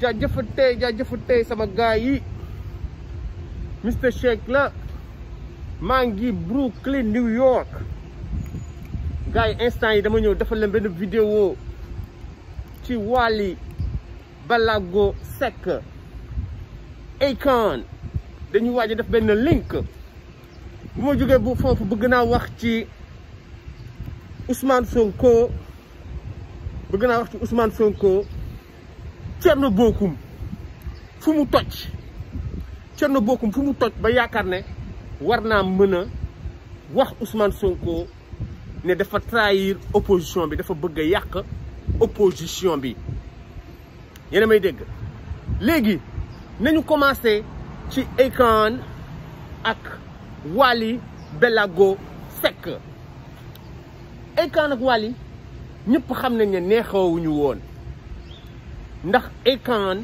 jaajëfa tey jaajëfa tey sama gars yi Mister Shake la maa ngi Brooklyn New York gars instant yi dama ñëw defal leen benn vidéo ci Wally balaago Seck Akon dañuy waaj def benn link bu ma jógee bu foofu bëgg naa wax ci Ousmane Sonko bëgg naa wax ci Ousmane Sonko Thierno Bocoum fu mu toj Thierno bokkum fu mu toj ba yaakaar ne war naa mën a wax Ousmane Sonko ne dafa trahir opposition bi dafa bëgg yàq opposition bi yéen a may dégg léegi nañu commencé ci Akon ak Waly Balago Seck Akon ak Waly ñëpp xam ne ne neexoowuñu woon ndax Akon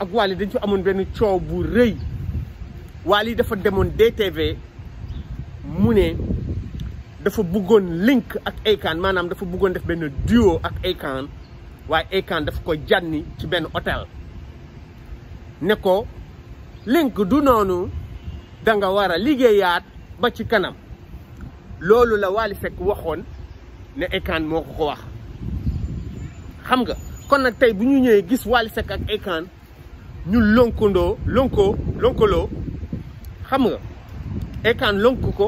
ak Wally dañ ci amoon benn coow bu rëy Wally dafa demoon DTV mu ne dafa bëggoon link ak Akon maanaam dafa bëggoon def benn duo ak Akon waaye Akon dafa ko jànni ci benn hôtel ne ko link du noonu da nga war a liggéeyaat ba ci kanam loolu la Wally Seck waxoon ne Akon moo ko ko wax xam nga kon nak tay buñu ñëwé gis Wally Seck ak Ekan ñu lonkondo lonko l'onkolo xam nga Ekan lonk ko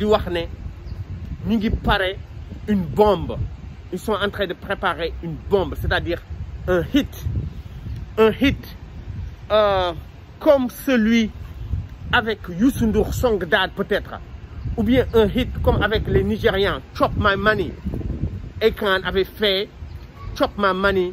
di wax né ñi ngi une bombe ils sont en train de préparer une bombe c'est-à-dire un hit un hit euh, comme celui avec Youssou Ndour peut-être ou bien un hit comme avec les Nigérians Chop My Money Ekan avait fait Chop My Money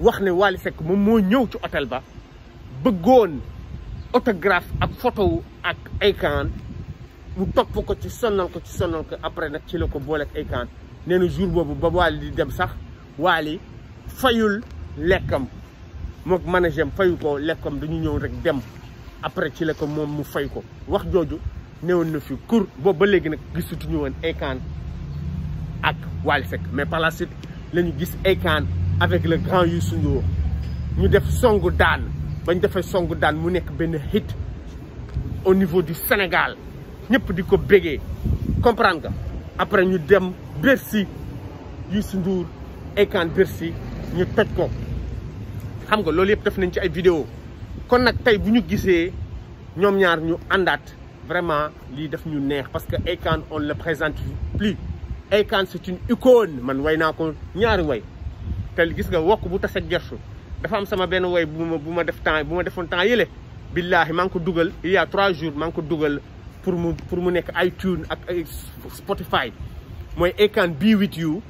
waxne wali Wally mom mo ñëw ci hôtel ba bëggoon autographe ak photo ak aykan mu top ko ci sonnal ko ci sonnal ko après nak ci lako ko ak aykan nee jour bobu ba wali di dem sax wali fayul lekam mok managem fayu ko lekkam dañu ñëw rek dem après ci lako mom mu fay ko wax joju newoon na fi cour bo ba nak gisutu ñu won aykan ak wali Seck mais par la suite lañu gis aykan avec le grand Youssou Ndour ñu def Nous daan bañ son songu hit au niveau du Sénégal Nous devons comprendre comprenez après ñu dem Bercy Youssou Ndour Bercy Nous ko xam nga devons def nañ ci vidéo kon vu faire, ñaar ñu vraiment li def ñu parce que Ekan on le présente plus Ekan c'est une icône man wayna ko te gis nga wok bu tase gersu dafa am sama ben way buma ma def temps buma defon temps yële billahi man ko dugal il y a 3 jours man ko dugal pour mu pour mu nekk iTunes ak Spotify moy I can be with you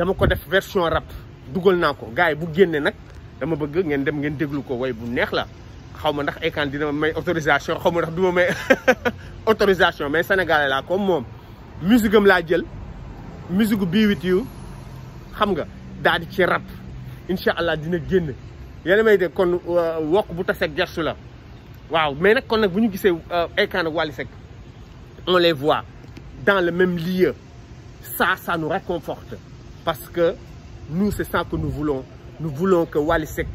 dama ko def version rap dugal nako ko bu génne nak dama bëgg ngeen dem ngeen déglu ko way bu neex la xawma ndax I dina may autorisation xawma ndax duma may autorisation mais sénégalais la comme mom musique am la jël musique be with you xam nga daal ci rab incha dina génn yéen may de kon euh, wokk bu la waaw mais nag kon nag bu ñu gisee euh, ak on les voit dans le même lieu ça ça nous réconforte parce que nous c'est ça que nous voulons nous voulons que Wally Sek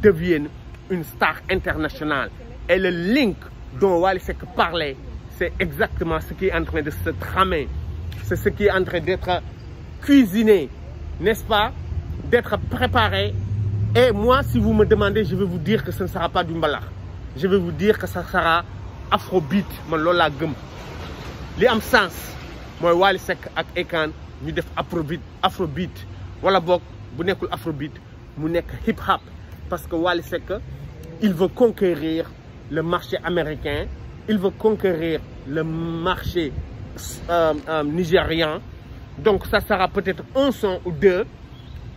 devienne une star internationale et le link dont Wally parlait c'est exactement ce qui est en train de se tramer c'est ce qui est en train d'être cuisiné n'est-ce pas d'être préparé. Et moi, si vous me demandez, je vais vous dire que ce ne sera pas du mbalar Je vais vous dire que ça sera afrobeat. Man lola gum. Li am sens. Moi, wali Sek ak Ekan, nous def afrobeat. Afrobeat. Voilà bok, vous n'êtes afrobeat, vous n'êtes hip hop. Parce que Walisek Sek, il veut conquérir le marché américain. Il veut conquérir le marché euh, euh nigérien. Donc, ça sera peut-être un son ou deux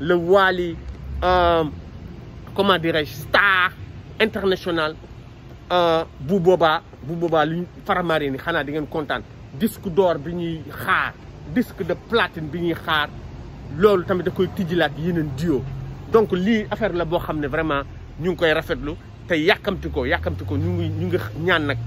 le Wali, euh, comment dirais-je, star international, euh, Bouboba, Bouboba, Faramarini, Khana, Dingen Content, disque d'or, Bini Khar, disque de platine, Bini Khar, lolu tamit da koy tijilat yenen duo donc li affaire la bo xamne vraiment ñu ngi koy rafetlu te yàkkamti ko yàkkamti ko ñu ngi ñu ngi ñaan nag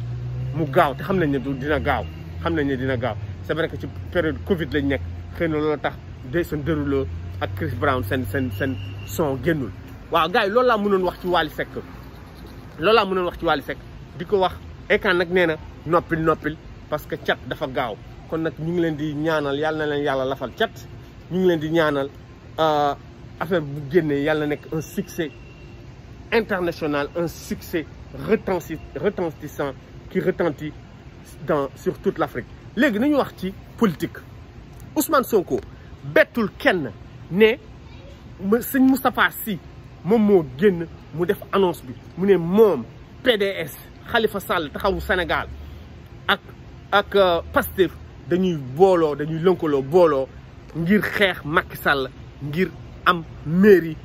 mu gaaw te xam nañ dina gaaw xamnañ nañ dina gaaw c'est vrai que ci période Covid lañ nek xëy lo loolu tax day seen déroulo ak Chris Brown sen sen seen son génnul waaw gars yi loolu laa mënoon wax ci Wally Seck loolu laa mënoon wax ci Wally Seck di ko wax Ekan nag nee na noppil noppil parce que cat dafa gaaw kon nag ñu ngi leen di ñaanal yàlla na leen yàlla lafal cat ñu ngi leen di ñaanal euh, affaire bu génnee yàlla nekk un succès international un succès retentissant qui retentit dans sur toute l'Afrique léegi nañu wax ci politique Ousmane Sonko bettul kenn ne sëñ Mustapha si moom moo génn annonce bi mu PDS Khalifa Sall taxawu Sénégal ak ak euh, pasteur dañuy bolo dañuy bolo ngir xex Macky Sall ngir am mairie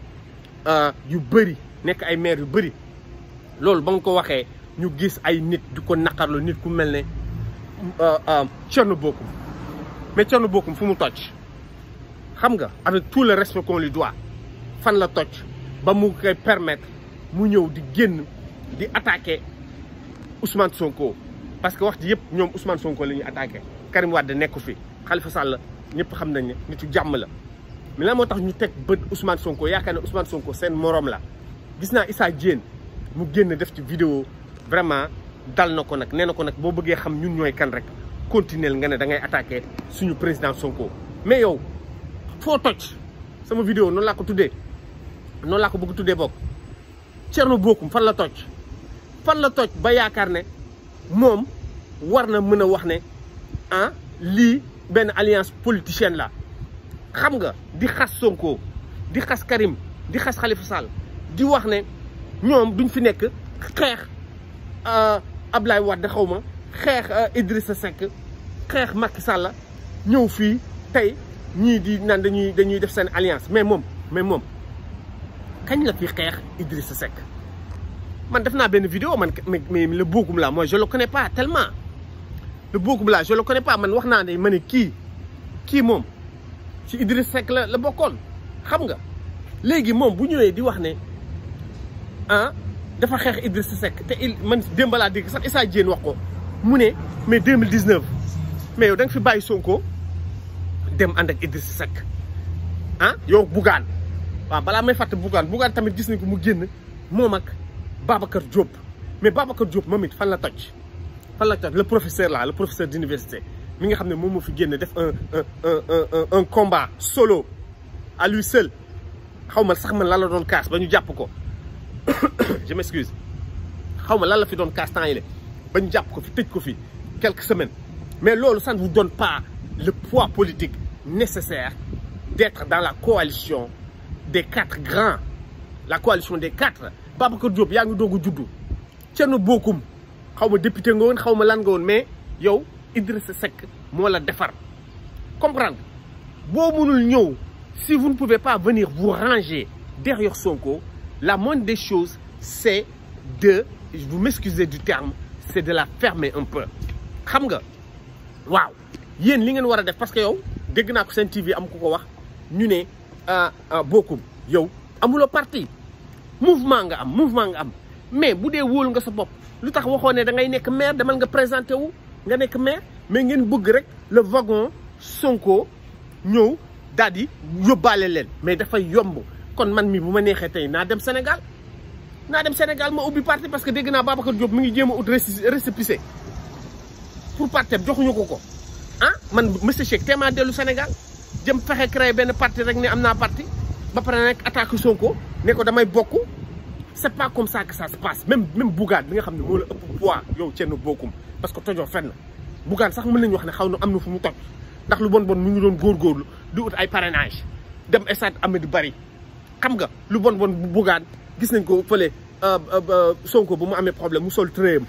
euh, yu beuri nek ay maire yu beuri lolou bang ko gis ay nit ko nit ku avec tout le respect qu'on lui doit fan la permettre attaquer Ousmane Sonko parce que nous ji Ousmane Sonko la attaqué Karim Wade nekku fi Khalifa Sall ñëpp xam nañ ne nitu jàmm la mais nous ñu Ousmane Sonko ne Ousmane Sonko morom Issa vidéo vraiment dal na ko xam ñun ñoy kan rek continuer nga président Sonko mais yow foo toj sama vidéo Non la ko tuddé non la ko bëgg tuddé bok tierno bokum fan la toj fan la toj ba yaakar né mom warna mëna wax né ah Li ben alliance politicienne la xam nga di xas Sonko di xas Karim di xas Khalifa Sall di wax né ñom duñ fi xex euh Ablaye Wade xawma xex euh, Idrissa Seck xex Macky Sall ñew fi tay nous di dañuy alliance mais moom mais moom kañ la fi a Idrissa Seck man def une vidéo mais le boogum moi je je le connais pas tellement le boogum je je le connais pas man wax qui ne ma ci Idrissa Seck la le xam nga dit il bu di wax il ah, dafa Idrissa Seck il man il il mais 2019 mais il da nga fi dem Idriss ah yo, Bougane wa bala may fatte Bougane Bougane tamit gis niko mu Babacar Diop mais Babacar Diop fan la le professeur là le professeur d'université mi nga xamné un un un combat solo à lui seul xawma sax man la la don casse bañu japp ko je m'excuse xawma la la fi don le tan yi le ko quelques semaines mais ça ne vous donne pas le poids politique nécessaire d'être dans la coalition des quatre grands. La coalition des quatre. Papa Diop, yaa ngi doog a juddu Thierno Bokoum, xaw député ngone, woon mais yo Idriss Seck moi la defar comprendre si vous ne pouvez pas venir vous ranger derrière Sonko la moindre des choses c'est de je vous m'excusez du terme c'est de la fermer un peu xam nga waaw yéen li parce que yow dégg naa ko seen TV am ku ko wax ñu ne ah, ah, bokkum yow amulo parti mouvement nga am mouvement nga am mais bu dee wóolu nga sa bopp lu tax waxoo ne da ngay nekk maire demal nga présenté wu nga nekk maire mais ngeen bëgg rek le wagon Sonko ñëw daal di yóbbaale leen mais dafay yomb kon man mi bu ma neexee tey naa dem Sénégal naa dem Sénégal ma ubbi parti parce que dégg naa Babacar Diop mi ngi jéem a ut récépissé pour parti joxuñu ko ko. ah man monsieur Cheikh téeméer dellu Sénégal jëm fexe créer benn parti rek ne am naa parti ba pare nag attaque Sonko ne ko damay bokk c'est pas comme ça que ça se passe même même Bougane bi nga xam ne moo la ëpp poids yow cenn bokkum parce que tojoo fenn Bougane sax mën nañu wax ne xaw na am na fu mu toj ndax lu bon bon mu ngi doon góorgóorlu du ut ay parrainage dem stade Amadou bari xam nga lu bon bon Bougane gis nañ ko fële euh, euh, euh, Sonko bu mu amee problème mu sol tréem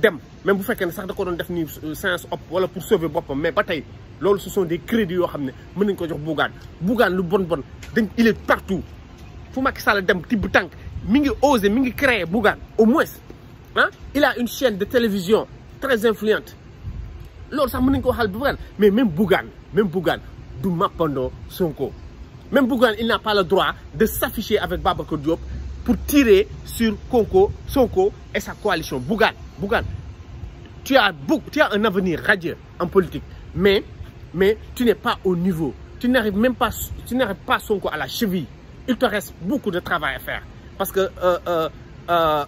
dem même bu fekkee ne sax da ko doon def ni euh, science op wala pour sauver bopam mais batay lolou ce sont des crédits yo xamné meun mën nañ ko jox Bougane Bougane lu bon bon il est partout fu Macky Sall dem tib tank mi ngi osé mi ngi créer Bougane au moins hein, il a une chaîne de télévision très influente loolu sax meun nañ ko waxal Bougane mais même Bougane même Bougane du mappandoo Sonko même Bougane il n'a pas le droit de s'afficher avec Babacar Diop pour tirer sur Konko Sonko et sa coalition Bougane Bougan, tu as, tu as un avenir radieux en politique, mais, mais tu n'es pas au niveau. Tu n'arrives même pas, tu n'arrives pas son à la cheville. Il te reste beaucoup de travail à faire. Parce que, euh, euh, euh,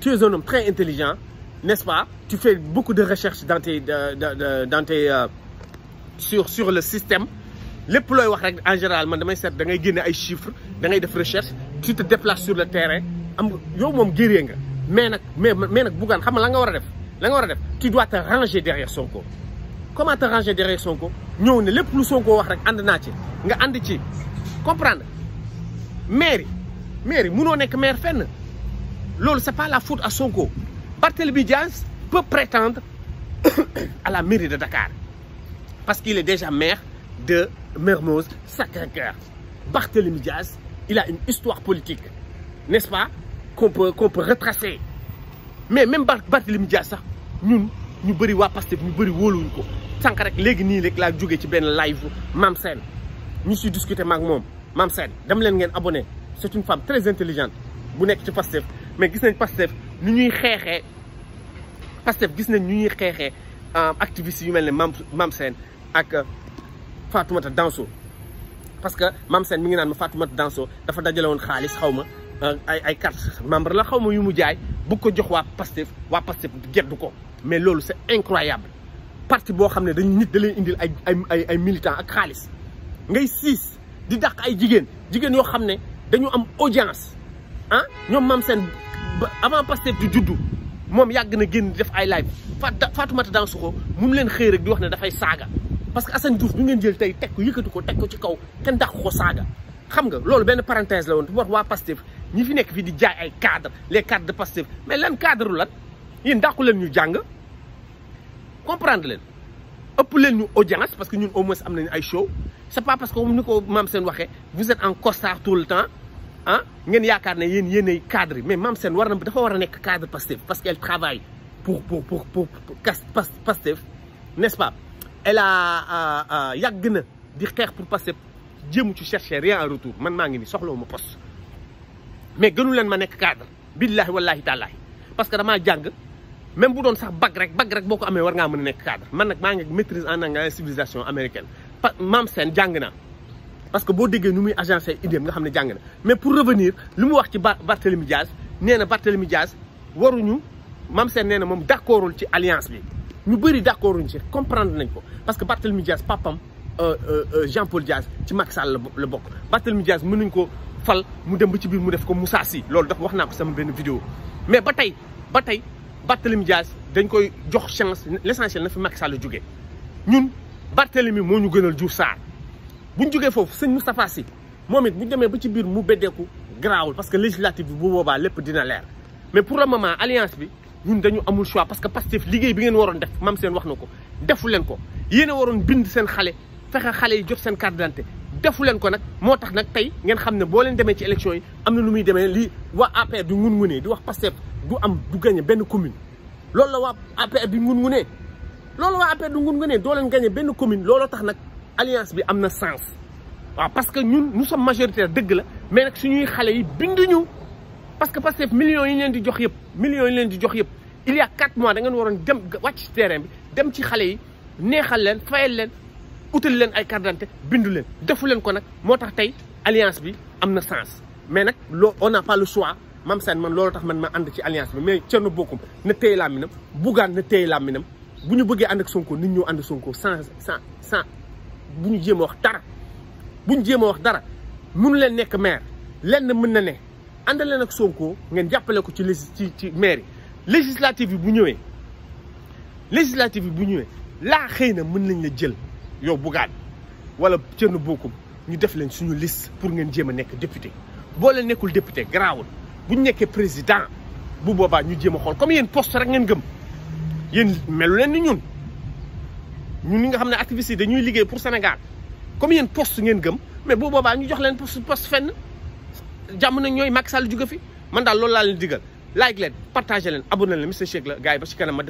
tu es un homme très intelligent, n'est-ce pas Tu fais beaucoup de recherches dans tes, dans tes, euh, sur, sur le système. Les ploys, en général, tu as des chiffres, tu des recherches, tu te déplaces sur le terrain. Tu es un mais tu dois te ranger derrière Sonko comment te ranger derrière Sonko on Nous le plus Sonko wax rek ànd les ci nga comprends comprendre maire maire yi munoo Mère maire pas la faute à Sonko Barthélémy Diaz peut prétendre à la mairie de Dakar parce qu'il est déjà maire de Mermoz Sacré-Cœur Barthélémy Diaz, il a une histoire politique n'est-ce pas qu'on peut retracer mais même Barthélémy Dias nous Nous ñu bëri waa Pastef ñu ko rek rek ci une live Mame Sen, discuter Mame Sen, dem ngeen abonné c'est une femme très intelligente vous Nous ci mais gis nañ Nous ñuy nous Pastef gis nañ ñuy euh, activiste yu Nous Mame ak euh, Fatoumata Danso parce que Mame Sen mi ngi nane Fatoumata Danso dafa dajale won ne xawma Euh, ay ay carte membre la xaw ma yu mu jaay bu ko jox waa Pastef waa Pastef geddu ko mais loolu c'est incroyable parti boo xam ne dañu nit da lay indil ay ay ay militant ak xaalis ngay siis di dàq ay jigéen jigéen yoo xam ne dañu am audience ah ñoom maam seen avant Pastef di juddu moom yàgg na génn di def ay live Fatoumata ko mu leen xëy rek di wax ne dafay saaga parce que Assane Diouf bi ngeen jël tey teg ko yëkkati ko teg ko ci kaw kenn dàq ko saaga xam nga loolu benn parenthèse la woon wax waa Pastef ñi fi nekk fi di jaay ay cadre les cadres de Pastef mais lan cadre lan yéen dàqu leen ñu jàng comprendre leen ëpp leen ñu audience parce que ñun au moins am nañu ay show c'est pas parce que comme ni ko maam seen waxee vous êtes en costard tout le temps ah ngeen yaakaar ne yéen ay cadres mais maam seen war na dafa war a nekk cadre Pastef parce qu'elle travaille pour pour pour pour Pastef n'est-ce pas elle a yàgg na di xeex pour passer. jéemu ci chercher rien en retour man maa ngi ni soxlawu ma poste mais gënu leen ma nekk cadre billahi wallahi taalaahi parce que damaa jàng même bu doon sax bag rek bag rek boo ko amee war ngaa mën a nekk cadre man nag maa ngi maîtrise en anglais civilisation américaine pa maam seen jàng naa parce que boo déggee nu muy agence idéem nga xam ne jàng na mais pour revenir lu mu wax ci Barthélemy Diaz nee na Barthélemy Diaz waruñu maam seen nee na moom d'accordul ci alliance bi ñu bëri d'accordul ci comprendre nañ ko parce que Barthélemy Diaz papam Euh, euh, euh, Jean Paul Diaz ci Macky Sall le bok. Barthélemy Diaz mënuñ ko fal mu dem ba ci bir mu def ko Moussa Sy loolu dafa wax naa ko sama benn vidéo mais ba tey ba tey Barthélemy Diaz dañ koy jox chance l'essentiel na fi Macky Sall jógee ñun Barthélemy moo ñu gënal Diouf Sar. buñ jógee fofu Seigne Moustapha Sy momit it buñ demee ba ci bir mu beddeeku grawul parce que législative bi bu boba lepp dina lèr. mais pour le moment alliance bi ñun dañu amul choix parce que Pastef liguey bi ngeen waron def mam seen wax nako defu len ko yéen waron bind seen xalé fexe xale yi jot seen carte defu leen ko nag moo tax nag tey ngeen xam ne boo leen demee ci élection yi am na nu muy demee lii waa APR di ngun-ngunee di wax Pastef du am du gagné benn commune loolu la waa APR di ngun-ngunee loolu waa APR di ngun-ngunee doo leen gagné benn commune looloo tax nag alliance bi am na sens waaw parce que ñun nous sommes majoritaire dëgg la mais nag ñuy xale yi binduñu parce que Pastef millions yi ñu leen di jox yëpp millions yi leen di jox yëpp il y mois da ngeen waroon dem wàcc ci bi dem ci xale yi neexal leen fayal leen utal leen ay carte bindu leen defu leen ko nag moo tax tey alliance bi am na sens mais nag loo on n'a pas le choix Mame Sène man loolu tax man ma ànd ci alliance bi mais Thierno Bocoum na téye làmminam buggaan na téye làmminam bu ñu bëggee ànd ak Sonko nit ñoo ànd Sonko sans sans sans bu ñu jéem a wax dara bu ñu jéem a wax dara mënu leen nekk maire lenn mën na ne ànd leen ak Sonko ngeen jàppale ko ci ci ci maire yi législative bi bu ñëwee législative bi bu ñëwee laa xëy na mën nañ la jël yow Bougane wala Thierno Bocoum ñu def leen suñu liste pour ngeen jéem a nekk député boo leen nekkul député garaawul bu ñu nekkee président bu boobaa ñu jéem a xool comme yéen poste rek ngeen gëm yéen melu leen ni ñun ñu ñi nga xam ne activistes yi dañuy liggéey pour Sénégal comme yéen poste ngeen gëm mais bu boobaa ñu jox leen poste poste fenn jàmm nañ ñooy Macky Sall jóge fi man daal loolu laa leen laa like leen partagé leen abonné leen Mister Shake la gars yi ba ci kanam